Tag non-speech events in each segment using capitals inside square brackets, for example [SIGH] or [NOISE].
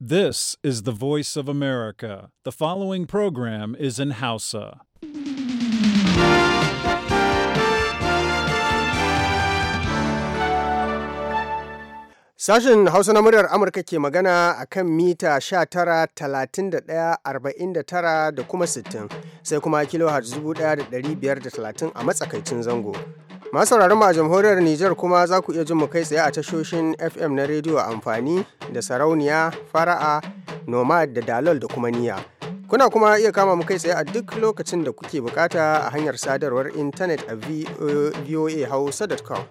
This is the voice of America. The following program is in Hausa. Sashen Hausa na muryar Amurka ke magana a kan mita 19,31,49 da kuma 60 sai kuma kilohertz 1,530 a matsakaicin zango. masauraran a jamhuriyar Nijar kuma za ku iya jin mu kai tsaye a tashoshin FM na rediyo amfani da sarauniya, fara'a, nomad da dalol da kuma niya. Kuna kuma iya kama mu kai tsaye a duk lokacin da kuke bukata a hanyar sadarwar intanet a voahausa.com.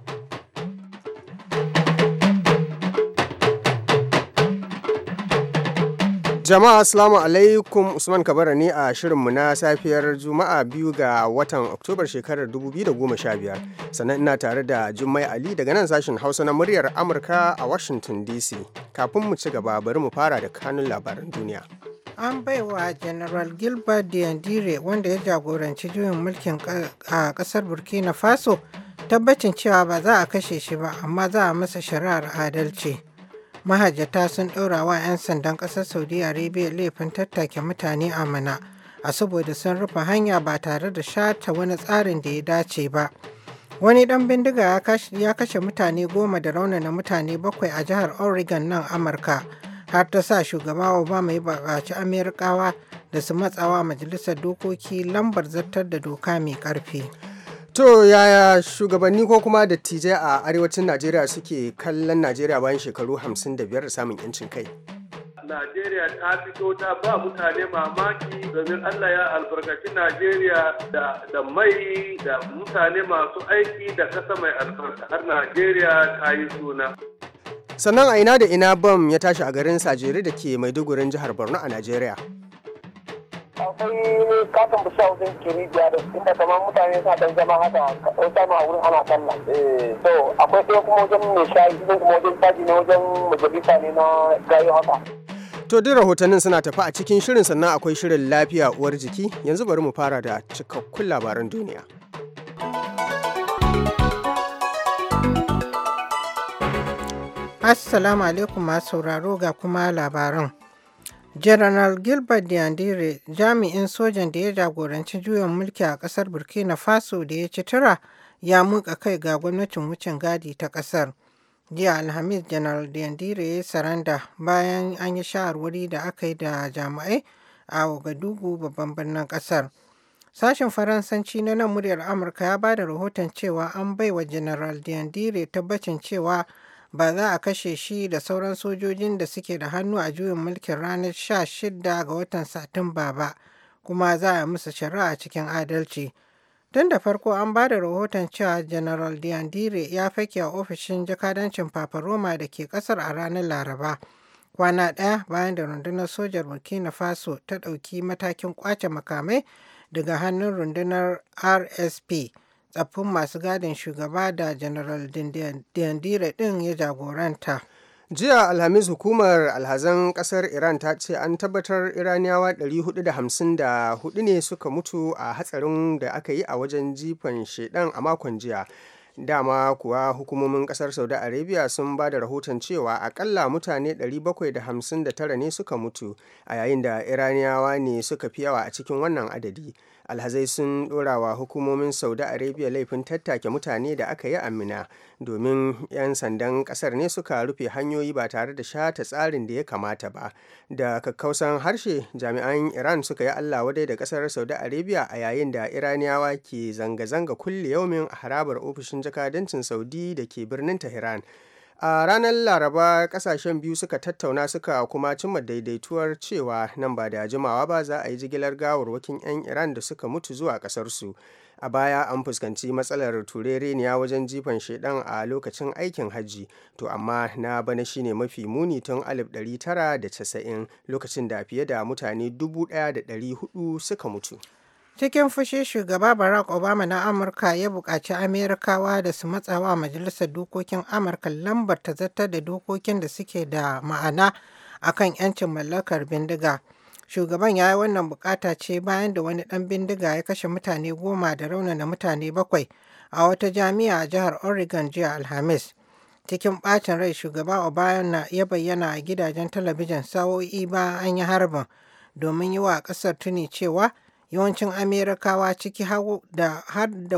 Jama'a Assalamu alaikum Usman Kabara ne a shirinmu na safiyar Juma'a biyu ga watan Oktobar shekarar 2015. Sannan ina tare da Jummai Ali daga nan sashen Hausa na muryar Amurka a Washington DC. Kafin mu ci gaba bari mu fara da kanun labaran duniya. An baiwa General Gilbert Diandire wanda ya jagoranci juyin mulkin a kasar Burkina Faso tabbacin cewa ba za a kashe shi ba amma za a masa shari'ar adalci. mahajjata sun ɗora wa 'yan sandan ƙasar saudi arabia laifin tattake mutane a mana a saboda sun rufe hanya ba tare da shata wani tsarin da ya dace ba wani ɗan bindiga ya kashe mutane goma da raunana mutane bakwai a jihar oregon nan amurka har ta sa shugaba obama ya buƙaci amerikawa da su matsawa majalisar dokoki lambar zartar da doka mai ƙarfi. To yaya shugabanni ko kuma dattijai a arewacin Najeriya suke kallon Najeriya bayan shekaru 55 da samun 'yancin kai? Najeriya ta fito ta ba mutane mamaki domin Allah ya albarkaci Najeriya da mai da mutane masu aiki da kasa mai albarka har Najeriya ta yi suna. Sannan a ina da ina bam ya tashi a garin Sajere da ke Maidugurin jihar Borno a Najeriya. akwai katon bishiya wajen kiri biya da inda kamar mutane sa dan zama haka kaɗan samu a wurin ana sallah. Eh. to akwai ɗaya kuma wajen mai shayi ɗaya kuma wajen caji ne wajen majalisa ne na gayo haka. To duk rahotannin suna tafi a cikin shirin sannan akwai shirin lafiya uwar jiki yanzu bari mu fara da cikakkun labaran duniya. Assalamu alaikum masu sauraro ga kuma labaran. General Gilbert Diandere jami'in sojan da ya jagoranci juyin mulki a kasar Burkina Faso da ya ci tura ya muka kai ga gwamnatin wucin gadi ta kasar. Jiya Alhamis General Diandere ya saranda bayan an yi shawarwari da aka yi da jami'ai a Ouagadougou babban birnin kasar. Sashen Faransanci na nan muryar Amurka ya ba da rahoton cewa an baiwa General Diandere tabbacin cewa ba za a kashe shi da sauran sojojin da suke da hannu a juyin mulkin ranar 16 ga watan Satumba ba, kuma za a musu shari'a cikin adalci. Tun da farko an ba da rahoton cewa General Diandire ya fake a ofishin jakadancin Papa Roma da ke kasar a ranar Laraba. Kwana ɗaya bayan da rundunar sojar Burkina Faso ta ɗauki matakin kwace makamai daga hannun rundunar RSP. tsaffin masu gadin shugaba da General Dandira din ya jagoranta. jiya alhamis hukumar alhazan kasar iran ta ce an tabbatar iraniyawa 454 ne suka mutu a hatsarin da aka yi a wajen jifan shedan a makon jiya dama kuwa hukumomin kasar saudi arabia sun ba da rahoton cewa akalla mutane 759 ne suka mutu a yayin da iraniyawa ne suka fi yawa a cikin wannan adadi alhazai sun ɗorawa hukumomin saudi arabia laifin tattake mutane da aka yi amina domin 'yan sandan ƙasar ne suka rufe hanyoyi ba tare da shata tsarin da ya kamata ba da kakkausan harshe jami'an iran suka yi allah wadai da ƙasar saudi arabia a yayin da iraniyawa ke zanga-zanga kulle yaumin harabar ofishin jakadancin saudi da ke birnin tehran a ranar laraba kasashen biyu suka tattauna suka kuma cimma daidaituwar cewa nan ba da jimawa ba za a yi jigilar gawarwakin 'yan iran da suka mutu zuwa kasarsu a baya an fuskanci matsalar turereniya wajen jifan shaidan a lokacin aikin hajji to amma na bana shine mafi muni tun 1990 lokacin da fiye da mutane 1400 suka mutu Cikin fushi Shugaba Barack Obama na Amurka ya buƙaci Amerikawa da su matsawa Majalisar Dokokin Amurka lambar ta zartar da dokokin da suke da ma'ana a kan 'yancin mallakar bindiga. Shugaban ya yi wannan bukata ce bayan da wani ɗan bindiga ya kashe mutane goma da na mutane bakwai a wata jami'a a jihar Oregon jiya Alhamis. Cikin ɓacin rai shugaba Obama ya bayyana a gidajen talabijin sa'o'i ba an yi harbin domin yi wa ƙasar tuni cewa Yawancin Amerikawa ciki har da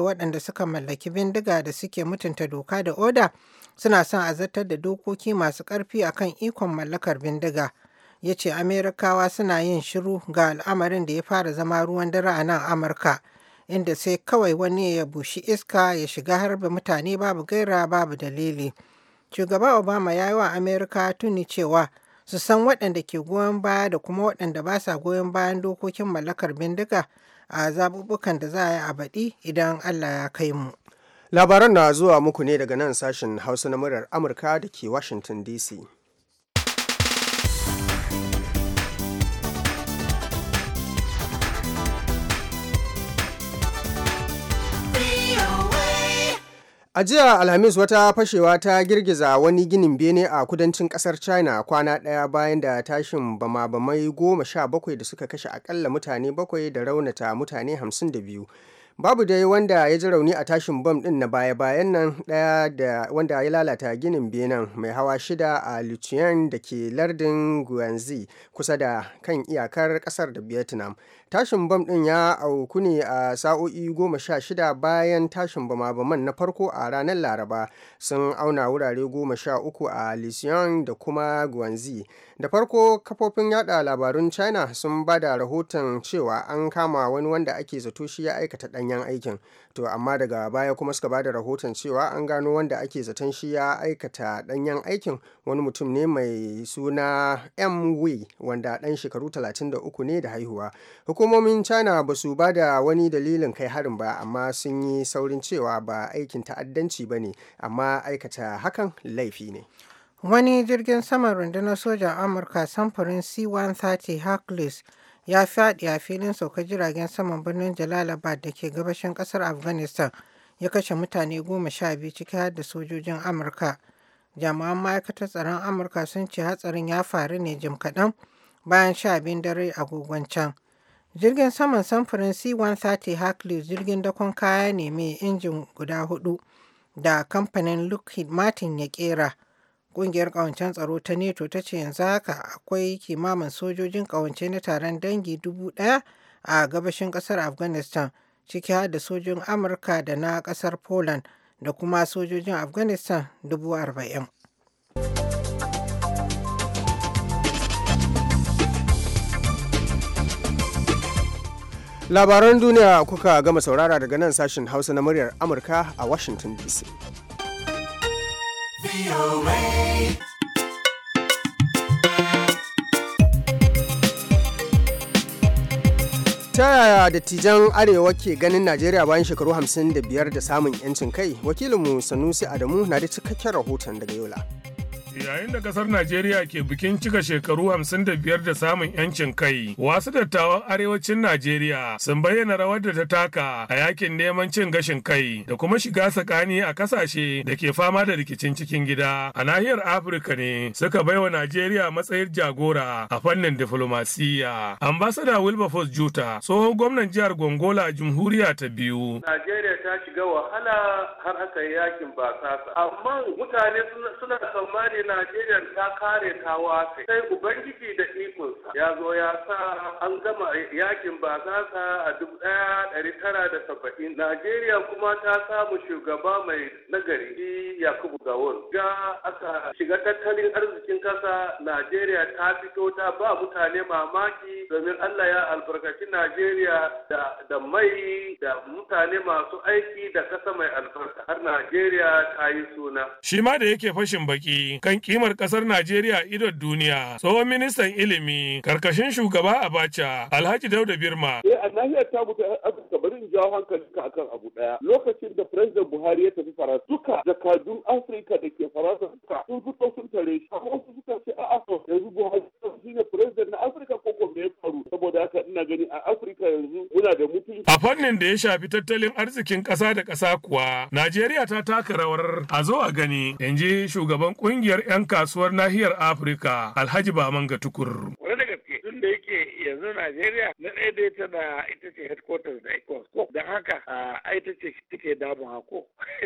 waɗanda suka mallaki bindiga da suke mutunta doka da oda suna son azartar da dokoki masu ƙarfi akan ikon mallakar bindiga. Ya ce Amerikawa suna yin shiru ga al'amarin da ya fara zama ruwan dare a nan Amurka, inda sai kawai wani ya bushi iska ya shiga harba mutane babu gaira babu dalili. Shugaba Obama ya yi wa Amerika tuni cewa su san waɗanda ke goyon baya da kuma waɗanda ba sa goyon bayan dokokin mallakar bindiga a zaɓuɓɓukan da za a yi a baɗi idan Allah ya kai mu. Labaran na zuwa muku ne daga nan sashen Hausa na murar Amurka da ke Washington DC. A jiya Alhamis wata fashewa ta girgiza wani ginin bene a kudancin kasar China kwana ɗaya bayan da tashin bama-bamai goma sha bakwai da suka kashe akalla mutane bakwai da raunata mutane hamsin da biyu. Babu dai wanda ya ji rauni a tashin bam ɗin na baya-bayan nan ɗaya da wanda ya lalata ginin benen mai hawa shida a Lucheng da ke lardin guanzi kusa da kan iyakar ƙasar da Vietnam. tashin bam ɗin ya auku ne a sa'o'i goma sha shida bayan tashin bama-baman na farko a ranar laraba sun auna wurare goma sha uku a lision da kuma guanzi da farko kafofin yada labarun china sun ba da rahoton cewa an kama wani wanda ake zato shi ya aikata ɗanyen aikin to amma daga baya kuma suka ba da rahoton cewa an gano wanda ake zaton shi ya aikata ɗanyen aikin wani mutum ne mai suna m wanda ɗan shekaru 33 ne da haihuwa hukumomin china ba su ba da wani dalilin kai harin ba amma sun yi saurin cewa ba aikin ta'addanci ba ne amma aikata hakan laifi ne wani jirgin saman rundunar sojan amurka samfurin c-130 hercules ya fyaɗi a filin sauka jiragen saman birnin jalalabad da ke gabashin kasar afghanistan ya kashe mutane goma sha biyu ciki har da sojojin amurka jami'an ma'aikatar tsaron amurka sun ce hatsarin ya faru ne jim kaɗan bayan sha biyun dare agogon can Jirgin saman samfurin C-130 Hercules jirgin dakon kaya ne mai injin guda hudu da kamfanin Lockheed Martin ya kera. Ƙungiyar ƙawancen tsaro ta NATO ta ce yanzu haka akwai kimamin sojojin ƙawance na taron dangi dubu ɗaya a gabashin ƙasar Afghanistan, ciki har da sojojin Amurka da na ƙasar Poland da kuma sojojin Afghanistan dubu arba'in. labaran duniya kuka gama saurara daga nan sashen hausa na muryar amurka a washington dc ta yaya dattijan arewa ke ganin najeriya bayan shekaru 55 da samun 'yancin kai wakilinmu sanusi adamu na da cikakken rahoton daga yola Yayin da kasar Najeriya ke bikin cika shekaru 55 da samun 'yancin kai, wasu dattawan arewacin Najeriya sun bayyana rawar da ta taka a yakin neman cin gashin kai da kuma shiga tsakani a kasashe da ke fama da rikicin cikin gida. A nahiyar Afirka ne suka baiwa Najeriya matsayin jagora a fannin diflomasiyya. Ambasada Wilberforce Juta, tsohon gwamnan jihar Gongola Jamhuriya ta biyu. Najeriya ta shiga wahala har aka yi yakin basasa. Amma mutane suna tsammani Najeriya ta kare ta wafe sai ubangiji da ikonsa ya zo ya sa an gama yakin basasa a duk ɗaya ɗari tara da saba'in Najeriya kuma ta samu shugaba mai nagari Yakubu Gawon ga aka shiga tattalin arzikin kasa Najeriya ta fito ta ba mutane mamaki domin Allah ya albarkaci Najeriya da mai da mutane masu aiki da kasa mai albarka har Najeriya ta yi suna. Shi ma da yake fashin baki kai kan kimar kasar Najeriya idon duniya. Tsohon ministan ilimi karkashin shugaba a Abacha Alhaji Dauda Birma. Eh a nahiyar ta mutu Afirka bari in jawo hankali ka akan abu daya. Lokacin da President Buhari ya tafi Faransa duka jakadun Afirka da ke Faransa duka sun fito sun tare shi. Amma wasu suka ce a'a yanzu Buhari shi ne President na Afirka ko ko me ya faru saboda haka ina gani a Afirka ƙasa yanzu muna da mutum A fannin da ya shafi tattalin arzikin ƙasa da ƙasa kuwa, Najeriya ta taka rawar a zo a gani, in ji shugaban ƙungiyar 'yan kasuwar nahiyar Afirka, Alhaji baman Gatukur. Tukur. da gaske, tun da yake yanzu Najeriya na ɗaya da tana ita ce headquarters da ECOWAS ko da haka a ita ce take damun hako [LAUGHS]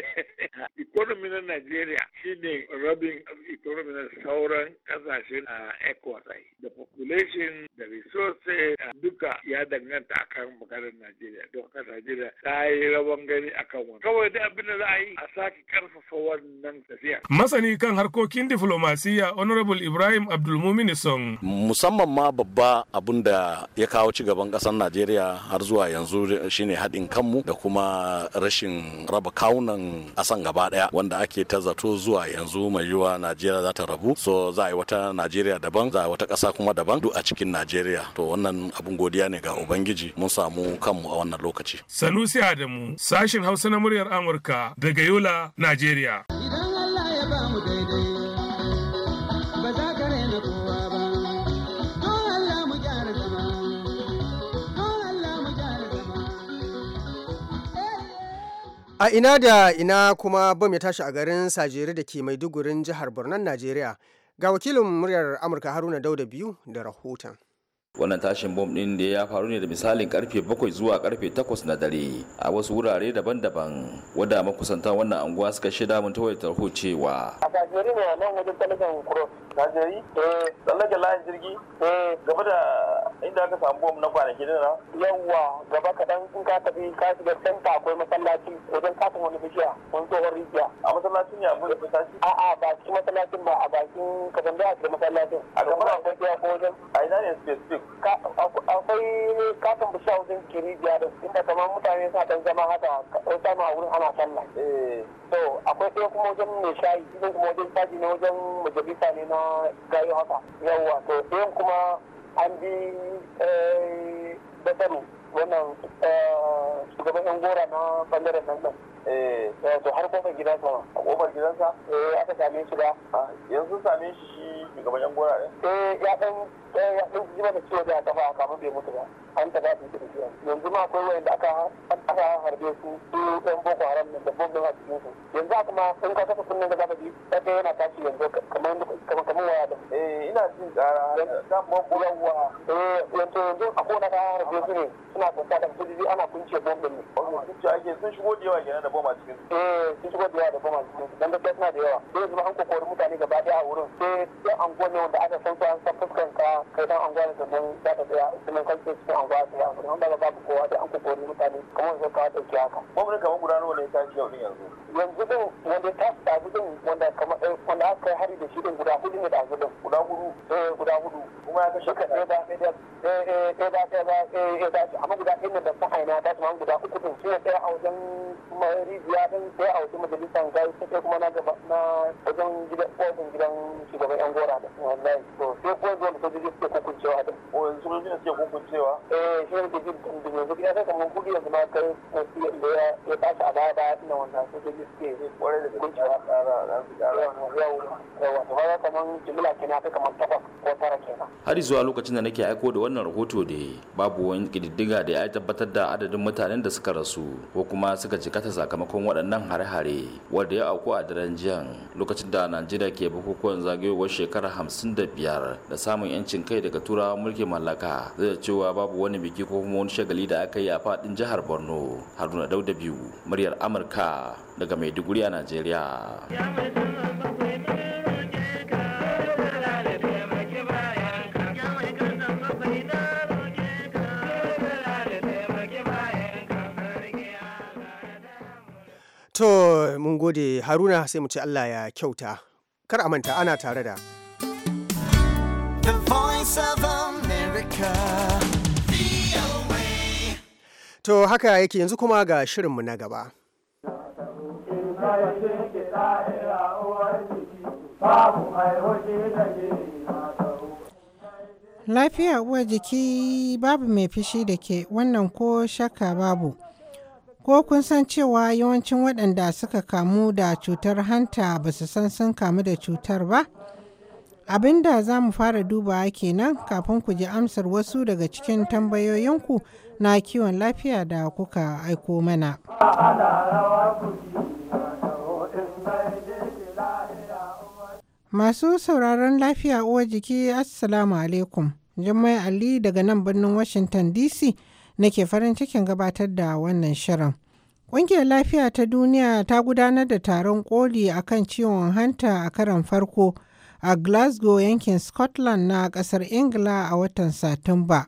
Economy na Najeriya ne rabin economy na sauran kasashe a Ecuador. Da population, da resources duka ya danganta akan bukatar Najeriya. Don haka Najeriya ta yi rawan gani akan wani. Kawai da abin da za a yi a sake karfafa wannan tafiya. Masani kan harkokin diflomasiyya Honorable Ibrahim Abdulmumin Song. Musamman ma babba abin da ya kawo ci gaban ƙasar Najeriya har zuwa yanzu shine haɗin kanmu da kuma rashin raba kawuna wannan asan gaba daya wanda ake ta zato zuwa yanzu mai yiwa najeriya za ta rabu so za a yi wata najeriya daban za a yi wata ƙasa kuma daban duk a cikin najeriya to wannan abun godiya ne ga ubangiji mun samu kanmu a wannan lokaci salusi adamu sashin hausa na muryar amurka daga yola najeriya A ina da ina kuma bom ya tashi a garin Sajere da ke Maidugurin jihar birnin Najeriya. Ga wakilin muryar Amurka Haruna Dauda biyu da rahoton. wannan tashin bom din da ya faru ne da misalin karfe 7 zuwa karfe 8 na dare a wasu wurare daban-daban wadda makusantan wannan anguwa suka shida mun tawai tarho cewa a gajeri ne nan wajen talagan kuro gajeri eh tsallake layin jirgi eh gaba da inda aka samu bom na kwanaki da nan yawwa gaba kadan in ka tafi ka shiga canta akwai masallaci wajen katin wani bishiya wani tsohon rijiya a masallacin ya bude masallaci a a ba cikin masallacin ba a bakin ka tambaya a masallacin a gaba akwai ya ko wajen a ina ne specific akwai katin bishiya wajen kirijiya da inda kamar mutane sa dan zama haka ko sama a wurin ana sallah eh. to akwai ɗaya kuma wajen mai shayi kuma wajen taji ne wajen majalisa ne na gayo haka yawwa to ɗayan kuma an bi badaru eh, wannan eh, shugaban yan gora na bangaren nan eh, eh to har kofar gidansa ma a kofar gidansa aka same shi ba ah, yanzu same shi shi shugaban yan gora ne eh ya ɗan ya ɗan jima da ciwo da kafa kamar bai mutu ba hanta ba su da yanzu ma akwai aka aka harbe su su yan boko haram ne da boko a cikin su yanzu haka ma in ka kasa kunnen da zaka kaga yana tashi yanzu kamar kamar kamar waya da eh ina jin tsara zan ban bulan eh yanzu yanzu akwai wanda aka harbe su ne suna tsaka da sojoji ana kunce bombin ne kunce ake sun shigo da yawa kenan da bomba cikin su eh sun shigo da yawa da bomba cikin su dan gaskiya suna da yawa sai yanzu an kokori mutane gaba daya a wurin sai yan anguwa ne wanda aka san su an san fuskan kai dan anguwa ne sannan za ka tsaya kan sai ba su ya amfani wanda babu kowa da an kokori mutane kamar zai kawo ɗauki haka. Gwamnati kamar guda wani ne ta ci yau ɗin yanzu. Yanzu ɗin wanda ta ci ɗazu ɗin wanda kamar wanda aka kai hari da shi ɗin guda hudu ne ɗazu ɗin. Guda hudu. Eh guda hudu. Kuma ya kashe kaɗa. Ɗaya ba ɗaya ba ɗaya ba ɗaya ba guda ɗaya ne da ta aina guda uku ɗin shi ne ɗaya a wajen kuma rijiya din sai a wasu majalisar gari sai kuma na gaba na wajen gidan kofin gidan shugaban yan gora da wallahi to sai ko zuwa da sojoji suke hukuncewa da ko yanzu sojoji suke hukuncewa eh shi ne da jirgin da yanzu ya saka kamar kudi yanzu ma kai na siya da ya ya tashi a baya baya ina wanda sojoji suke kwarai da hukuncewa kara su kara yau yawa to kamar jimila jimla kenan ta kamar takwas ko tara kenan har zuwa lokacin da nake aiko da wannan rahoto da babu wani kididdiga da ya tabbatar da adadin mutanen da suka rasu ko kuma suka jika jikkata sakamakon waɗannan hare-hare wadda ya auku a daren jiyan lokacin da najeriya ke bukukuwan zagayowar shekara hamsin da biyar da samun yancin kai daga turawa mulkin mallaka zai cewa babu wani biki ko kuma wani shagali da aka yi a faɗin jihar borno haruna dauda biyu muryar amurka daga maiduguri a najeriya To mun gode Haruna sai mu ci Allah ya kyauta. Kar a manta ana tare da. The Voice of America. To haka yake yanzu kuma ga shirinmu na gaba. Lafiya uwar jiki babu mai fishi da ke wannan ko shakka babu. Ko kun san cewa yawancin waɗanda suka kamu da cutar hanta ba su san sun kamu da cutar ba? Abin da za mu fara dubawa kenan kafin ku ji amsar wasu daga cikin tambayoyinku na kiwon lafiya da kuka aiko mana. Masu sauraron lafiya uwa jiki Assalamu alaikum. Jummai Ali daga nan birnin Washington DC nake farin cikin gabatar da wannan shirin. Ƙungiyar Lafiya ta Duniya ta gudanar da taron koli a kan ciwon hanta a karon farko a Glasgow yankin Scotland na ƙasar Ingila a watan Satumba.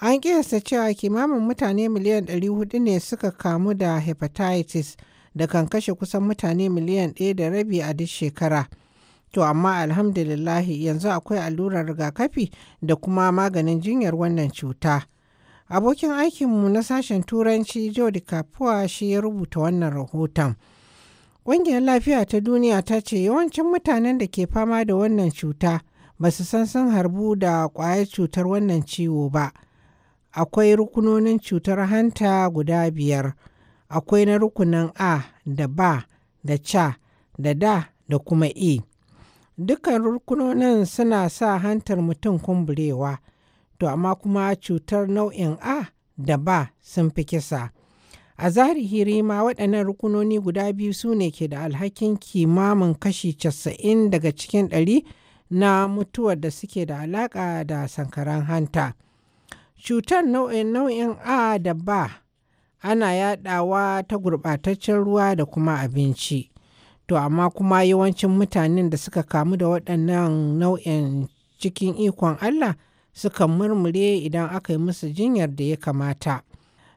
An ƙiyasta cewa kimanin mutane miliyan 400 ne suka kamu da hepatitis da kan kashe kusan mutane miliyan ɗaya da rabi a duk shekara. To amma alhamdulillahi yanzu akwai allurar rigakafi da kuma maganin jinyar wannan cuta. Abokin aikinmu na sashen Turanci Jodi Kapuwa shi ya rubuta wannan rahoton. Ƙungiyar Lafiya ta Duniya ta ce yawancin mutanen da ke fama da wannan cuta ba su san sun harbu da ƙwayar cutar wannan ciwo ba. Akwai rukunonin cutar hanta guda biyar. Akwai na rukunin A da ba da ca da da da kuma E. Dukkan rukunonin suna sa hantar mutum kumburewa. to amma kuma cutar nau'in A da ba sun fi kisa. A zahiri ma waɗannan rukunoni guda biyu su ne ke da alhakin kimamin kashi 90 daga cikin ɗari na mutuwar da suke da alaƙa da sankaran hanta. Cutar nau'in nau'in A da ba ana yaɗawa ta gurɓataccen ruwa da kuma abinci. To amma kuma yawancin mutanen da suka kamu da waɗannan nau'in cikin ikon Allah sukan murmure idan aka yi musu jinyar da ya kamata.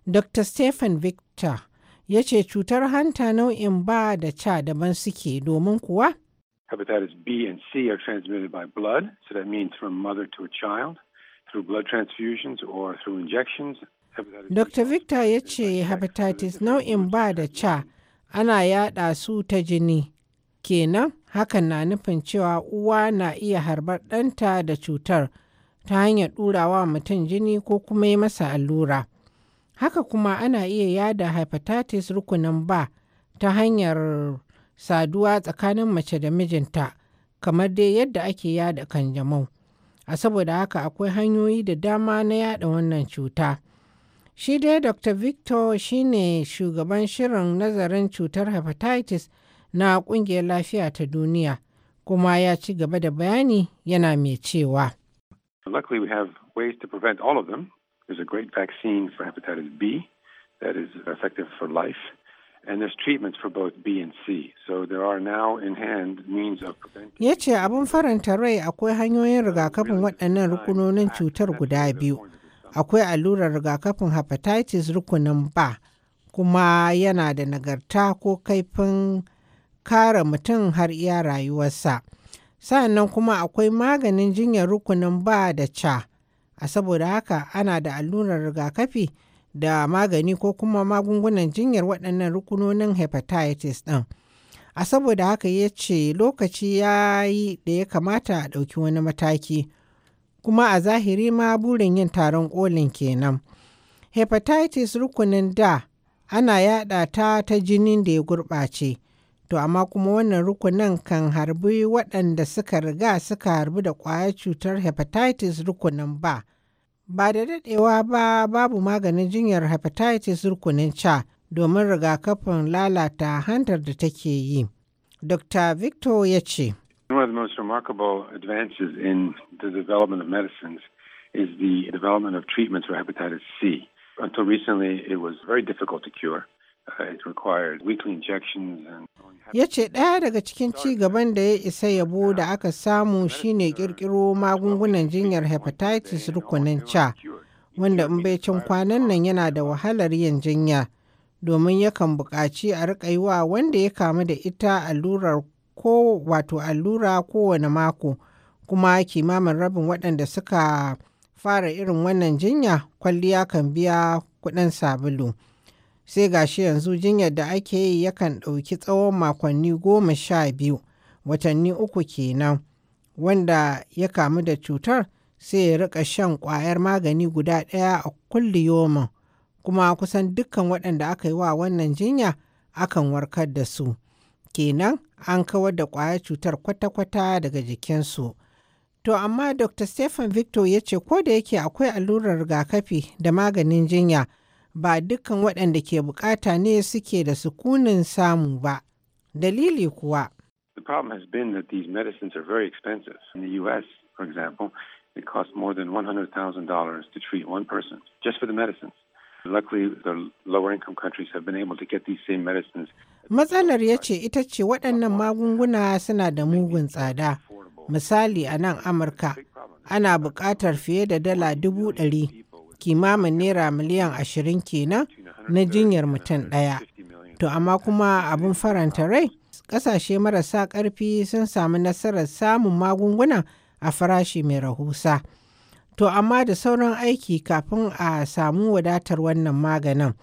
Dr. Stephen Victor ya ce cutar hanta nau'in ba da ca daban suke domin kuwa? Hepatitis B and C are transmitted by blood, so that means from mother to a child, through blood transfusions or through injections. Dr. Victor ya ce hepatitis nau'in ba da ca ana yada su ta jini. Kenan hakan na nufin cewa uwa na iya harbar ɗanta da cutar. ta hanyar ɗurawa mutum jini ko kuma yi masa allura. Haka kuma ana iya yada hepatitis rukunin ba ta hanyar saduwa tsakanin mace da mijinta kamar dai yadda ake yada kanjamau. A saboda haka akwai hanyoyi da dama na yada wannan cuta. Shi dai Dr. Victor shine shugaban shirin nazarin cutar hepatitis na ƙungiyar lafiya ta duniya kuma ya ci gaba da bayani yana mai cewa. Luckily, we have ways to prevent all of them. There's a great vaccine for hepatitis B that is effective for life, and there's treatments for both B and C. So there are now in hand means of preventing. Ya ce abin faranta rai akwai hanyoyin rigakafin waɗannan rukunonin cutar guda biyu. Akwai allurar rigakafin hepatitis rukunin ba, kuma yana da nagarta ko kaifin kare mutum har iya rayuwarsa. sa'annan kuma akwai maganin jinyar rukunin ba da ca a saboda haka ana da allurar rigakafi da magani ko kuma magungunan jinyar waɗannan rukunonin hepatitis ɗin a saboda haka ya ce lokaci ya yi da ya kamata a ɗauki wani mataki kuma a zahiri ma burin yin taron kolin kenan hepatitis rukunin da ana yada ta ta jinin da ya gurɓace To amma kuma wannan rukunin kan harbi waɗanda suka riga suka harbi da ƙwayar cutar hepatitis rukunin ba. Ba da daɗewa ba babu maganin jinyar hepatitis rukunin ca domin rigakafin lalata hantar da take yi. Dr. Victor ya ce. One of the most remarkable advances in the development of medicines is the development of treatments for hepatitis C. Until recently, it was very difficult to cure. Uh, it required weekly injections and ya ce ɗaya daga cikin ci gaban da ya isa yabo da aka samu shine ƙirƙiro magungunan jinyar hepatitis rukunin ca wanda in bai cin kwanan nan yana da wahalar yin jinya domin yakan buƙaci a riƙa wanda ya kamu da ita allurar ko wato allura kowane mako kuma kimamin rabin waɗanda suka fara irin wannan jinya kwalliya kan biya kuɗin sabulu. sai gashi yanzu jinyar da ake yi yakan ɗauki tsawon makonni goma sha biyu watanni uku kenan wanda ya kamu da cutar sai ya rika shan ƙwayar magani guda ɗaya a kulli yoman. kuma kusan dukkan waɗanda aka yi wa wannan jinya akan warkar da su kenan an kawar da ƙwayar cutar kwata-kwata daga jikinsu to amma dr stephen victor ya ce ko da yake akwai allurar rigakafi da maganin jinya ba dukkan waɗanda ke bukata ne suke da sukunin samu ba. Dalili kuwa. The problem has been that these medicines are very expensive. In the US, for example, it costs more than $100,000 to treat one person just for the medicines. Luckily, the lower income countries have been able to get these same medicines. Matsalar ya ce ita ce waɗannan magunguna suna da mugun tsada. Misali a nan Amurka, ana buƙatar fiye da dala dubu ɗari kimamin naira miliyan ashirin kenan na jinyar mutum ɗaya. To amma kuma abin faranta rai ƙasashe marasa ƙarfi sun samu nasarar samun magunguna a farashi mai rahusa. To amma da sauran aiki kafin a samu wadatar wannan maganin.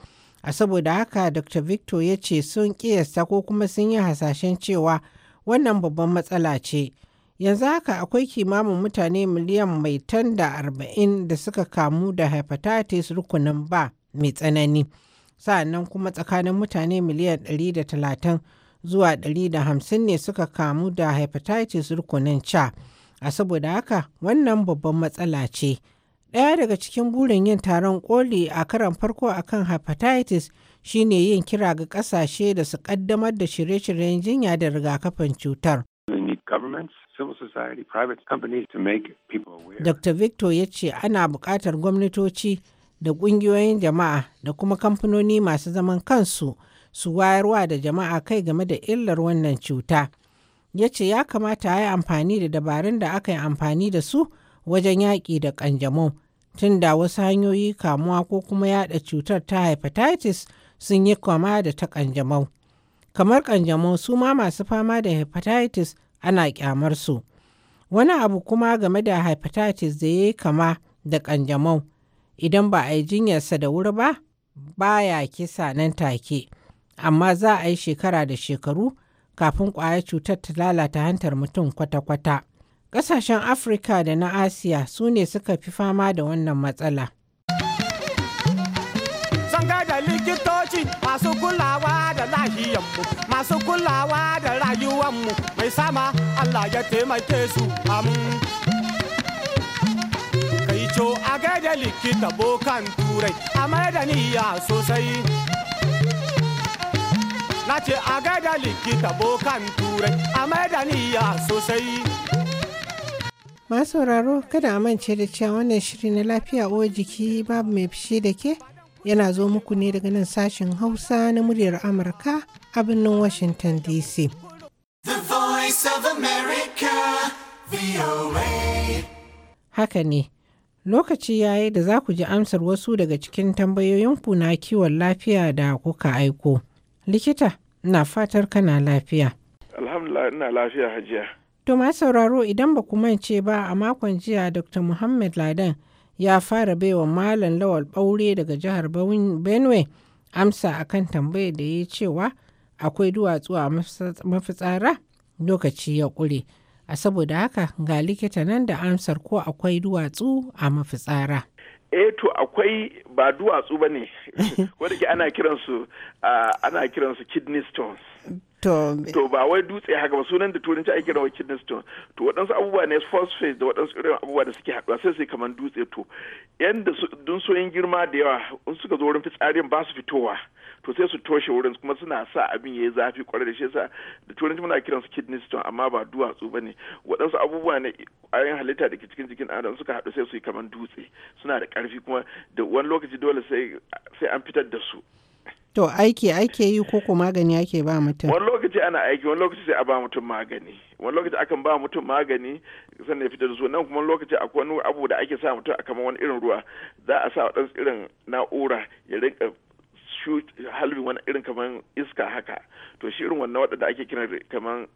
A saboda haka Dr. Victor ya ce sun ƙiyasta ko kuma sun yi hasashen cewa wannan babban matsala ce. yanzu haka akwai kimamin mutane miliyan mai da arba'in da suka kamu da hepatitis rukunin ba mai tsanani sa'annan kuma tsakanin mutane miliyan 130 zuwa 150 ne suka kamu da hepatitis rukunin ca a saboda haka wannan babban matsala ce ɗaya daga cikin burin yin taron koli a karan farko a kan hepatitis shine yin kira ga ƙasashe da su ƙaddamar da shirye-shiryen jinya da rigakafin cutar. civil to make people Dr. Victor ya ce ana buƙatar gwamnatoci da ƙungiyoyin jama'a da kuma kamfanoni masu zaman kansu su wayarwa da jama'a kai game da illar wannan cuta. Ya ce ya kamata a yi amfani da dabarun da aka yi amfani da su wajen yaƙi da ƙanjamau tun da wasu hanyoyi kamuwa ko kuma yaɗa cutar ta hepatitis sun yi kama da ta ƙanjamau. Kamar ƙanjamau su ma masu fama da hepatitis ana kyamar su wani abu kuma game da hepatitis da ya yi kama da ƙanjamau idan ba a yi jinyarsa da wuri ba baya kisa nan take amma za a yi shekara da shekaru kafin ƙwaya cutar ta lalata hantar mutum kwata-kwata ƙasashen afirka da na asiya su ne suka fi fama da wannan matsala mu masu kulawa da rayuwar mu mai sama Allah ya taimake su amin kai co a gaida likita bokan turai a mai da niyya sosai na ce a gaida likita bokan turai a mai da niyya sosai masu sauraro kada a da cewa wannan shiri na lafiya uwar jiki babu mai fishi da ke yana zo muku ne daga nan sashen hausa na muryar amurka a birnin washington dc haka ne lokaci yayi da za ku ji amsar wasu daga cikin tambayoyinku na kiwon lafiya da kuka aiko likita na fatar kana lafiya alhamdulillah ina lafiya hajiya to ma sauraro idan ba ku mance ba a makon jiya dr muhammad ladan ya fara baiwa Malam Lawal Ɓaure daga jihar Benue amsa akan tambayar da ya cewa akwai duwatsu a mafitsara lokaci ya ƙure. A saboda haka ga likita nan da amsar ko akwai duwatsu a mafitsara. e to akwai ba duwatsu ba ne wadda [LAUGHS] ke kiransu ana kiransu kidney stones to ba wai dutse haka ba sunan da turanci ake rawa kidney stone to waɗansu abubuwa ne phosphate da waɗansu irin abubuwa da suke haɗuwa sai sai kamar dutse to yanda dunsoyin girma da yawa in suka zo wurin fitsarin ba su fitowa to sai su toshe wurin kuma suna sa abin ya yi zafi kwarai da shi yasa da turanci muna kiransu kidney stone amma ba duwatsu ba ne waɗansu abubuwa ne ƙwayoyin halitta da ke cikin jikin adam suka haɗu sai su yi kamar dutse suna da ƙarfi kuma da wani lokaci dole sai an fitar da su To aiki ake yi ko ko magani ake ba mutum? Wani lokaci ana aiki, wani lokaci sai a ba mutum magani. Wani lokaci akan ba mutum magani sannan ya fita da su nan kuma lokaci akwai wani abu da ake sa mutum a kamar wani irin ruwa. Za a sa wadansu irin na'ura ya rinka halbin wani irin kamar iska haka. To shi irin wannan wadanda ake kiran kamar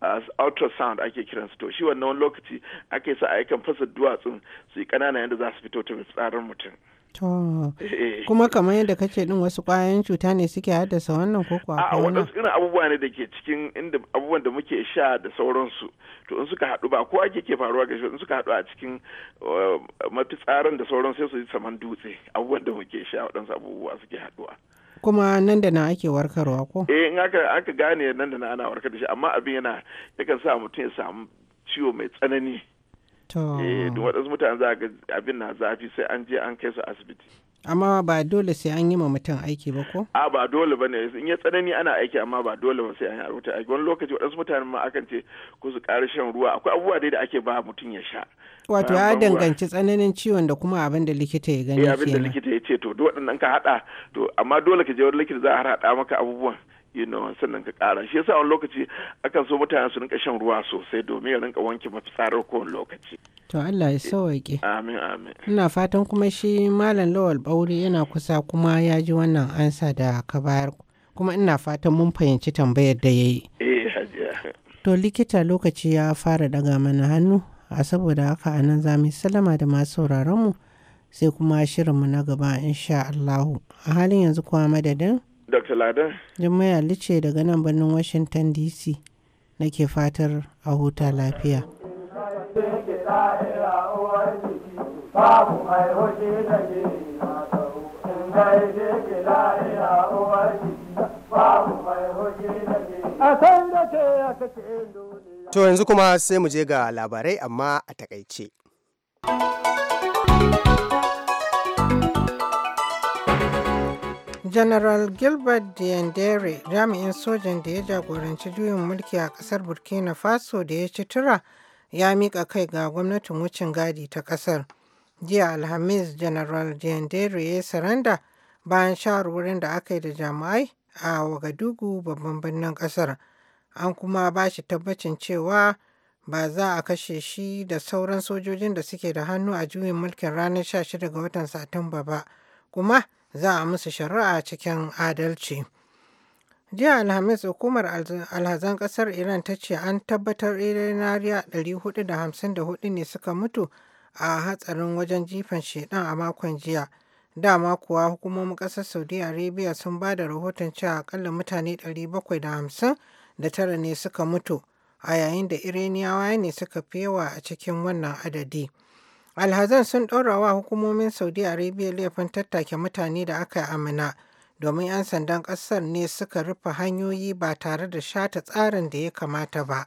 as ultrasound ake kiransu to shi wannan lokaci ake sa yakan fasa duwatsun su yi ƙanana yadda za su fito ta tsarin mutum. To, eh. kuma kamar yadda kace din wasu ƙwayoyin cuta ne suke haddasa wannan ko kuwa a waɗansu irin abubuwa ne da ke cikin inda abubuwan da muke sha da sauransu to in suka haɗu ba ko ake ke faruwa ga in suka haɗu a cikin eh, mafitsarin da sauran sai su yi saman dutse abubuwan da muke sha waɗansu abubuwa suke haɗuwa kuma nan da na ake warkarwa ko eh in aka aka gane nan da na ana warkar da shi amma abin yana yakan sa mutum ya samu ciwo mai tsanani eh da waɗansu mutane za ga abin na zafi sai an je an kai su asibiti amma ba dole sai an yi ma mutum aiki ba ko a ba dole ba ne in ya tsanani ana aiki amma ba dole ba sai an yi rubuta aiki wani lokaci waɗansu mutane ma akan ce ku su ƙara shan ruwa akwai abubuwa dai da ake ba mutum ya sha wato ya danganci tsananin ciwon da kuma abin da likita ya gani eh, abin da likita ya ce to duk waɗannan ka haɗa to amma dole ka je wani likita za a haɗa maka abubuwan you know sannan ka ƙara shi yasa wani lokaci akan so mutane su rinka shan ruwa sosai domin ya rinka wanke mafitsarar kowane lokaci to Allah ya sauwaƙe amin amin ina fatan kuma shi malam lawal bauri yana kusa kuma ya ji wannan ansa da ka bayar kuma ina fatan mun fahimci tambayar da ya yi eh to likita lokaci ya fara daga mana hannu a saboda haka a nan za mu salama da masu mu sai kuma shirinmu na gaba insha Allahu a halin yanzu kuma madadin Ladan. Jummai daga nan birnin Washington DC nake fatar a huta lafiya. To yanzu kuma sai mu je ga labarai amma a takaice. General Gilbert Diendere jami'in sojan da ya jagoranci juyin mulki a kasar Burkina Faso da ya ci tura ya mika kai ga gwamnatin wucin gadi ta kasar. Jiya Alhamis General Diendere ya saranda bayan shawarwarin da aka yi da jami'ai a Wagadugu babban birnin kasar. An kuma ba shi tabbacin cewa ba za a kashe shi da sauran sojojin da suke da hannu a juyin mulkin ranar 16 ga watan Satumba ba. Kuma za a musu shari'a cikin adalci. jiya alhamis hukumar alhazan kasar iran ta ce an tabbatar irinariya 454 ne suka mutu a hatsarin wajen jifan shedan a makon jiya dama kuwa hukumomin kasar saudi arabia sun ba da rahoton cewa akalla mutane 750 da tara ne suka mutu a yayin da iraniyawa ne suka fi yawa a cikin wannan adadi. alhazan sun ɗora wa hukumomin saudi arabia laifin tattake mutane da aka yi amina domin 'yan sandan ƙasar ne suka rufe hanyoyi ba tare da shata tsarin da ya kamata ba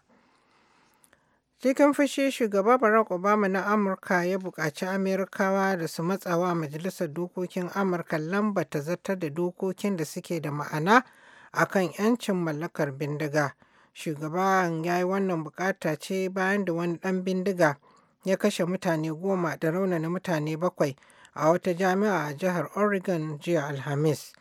cikin fushi shugaba barack obama na amurka ya buƙaci amerikawa da su matsawa majalisar dokokin amurka lamba ta zartar da dokokin da suke da ma'ana a kan 'yancin mallakar bindiga shugaban ya yi wannan bukata ce bayan da wani ɗan bindiga ya kashe mutane goma da raunana mutane bakwai a wata jami'a a jihar Oregon jiya Alhamis.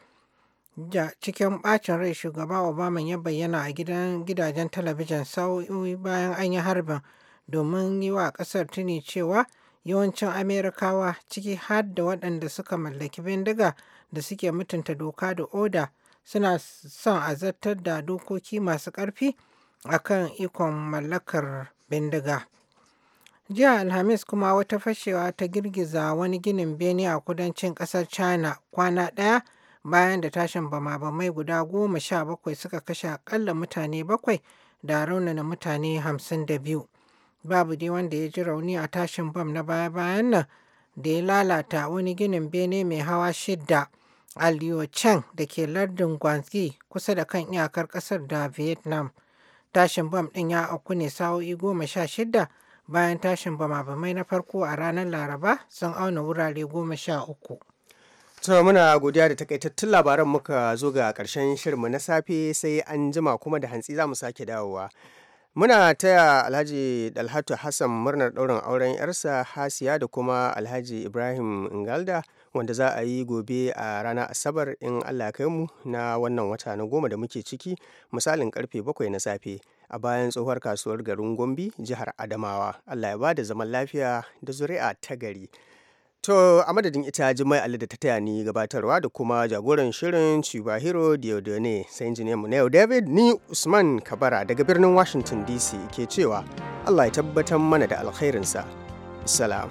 da cikin bacin rai shugaba Obama ya bayyana a gidan gidajen talabijin sau'i bayan an yi harbin domin yi wa kasar tuni cewa yawancin Amerikawa ciki har da waɗanda suka mallaki bindiga da suke mutunta doka da oda suna son azartar da dokoki masu ƙarfi akan ikon mallakar bindiga. Jiya Alhamis kuma wata fashewa ta girgiza wani ginin bene a kudancin kasar China kwana daya bayan da tashin bama-bamai guda goma sha bakwai suka kashe akalla mutane bakwai da raunana mutane hamsin da biyu. Babu dai wanda ya ji rauni a tashin bam na baya-bayan nan da ya lalata wani ginin bene mai hawa shidda a Liucheng da ke lardin Guangxi kusa da kan iyakar kasar da Vietnam. Tashin bam ɗin ya auku ne sa'o'i goma sha shidda bayan tashin bama-bamai na farko a ranar laraba sun auna wurare goma sha uku to muna godiya da takaitattun labaran muka zo ga karshen shirinmu na safe sai an jima kuma da hantsi za mu sake dawowa muna taya alhaji dalhatu hassan murnar ɗaurin auren yarsa hasiya da kuma alhaji ibrahim ingalda wanda za a yi gobe a ranar asabar in allah kai mu na wannan wata na goma da muke ciki misalin karfe bakwai na safe a bayan tsohuwar kasuwar garin gombe jihar adamawa allah ya ba da zaman lafiya da zuri'a ta gari To a madadin ita Jimai Ali da ta taya ni gabatarwa da kuma jagoran shirin Chibahiro Diodone sai injiniyan mu na yau David ni Usman Kabara daga birnin Washington DC ke cewa Allah ya tabbatar mana da alkhairinsa. Salam.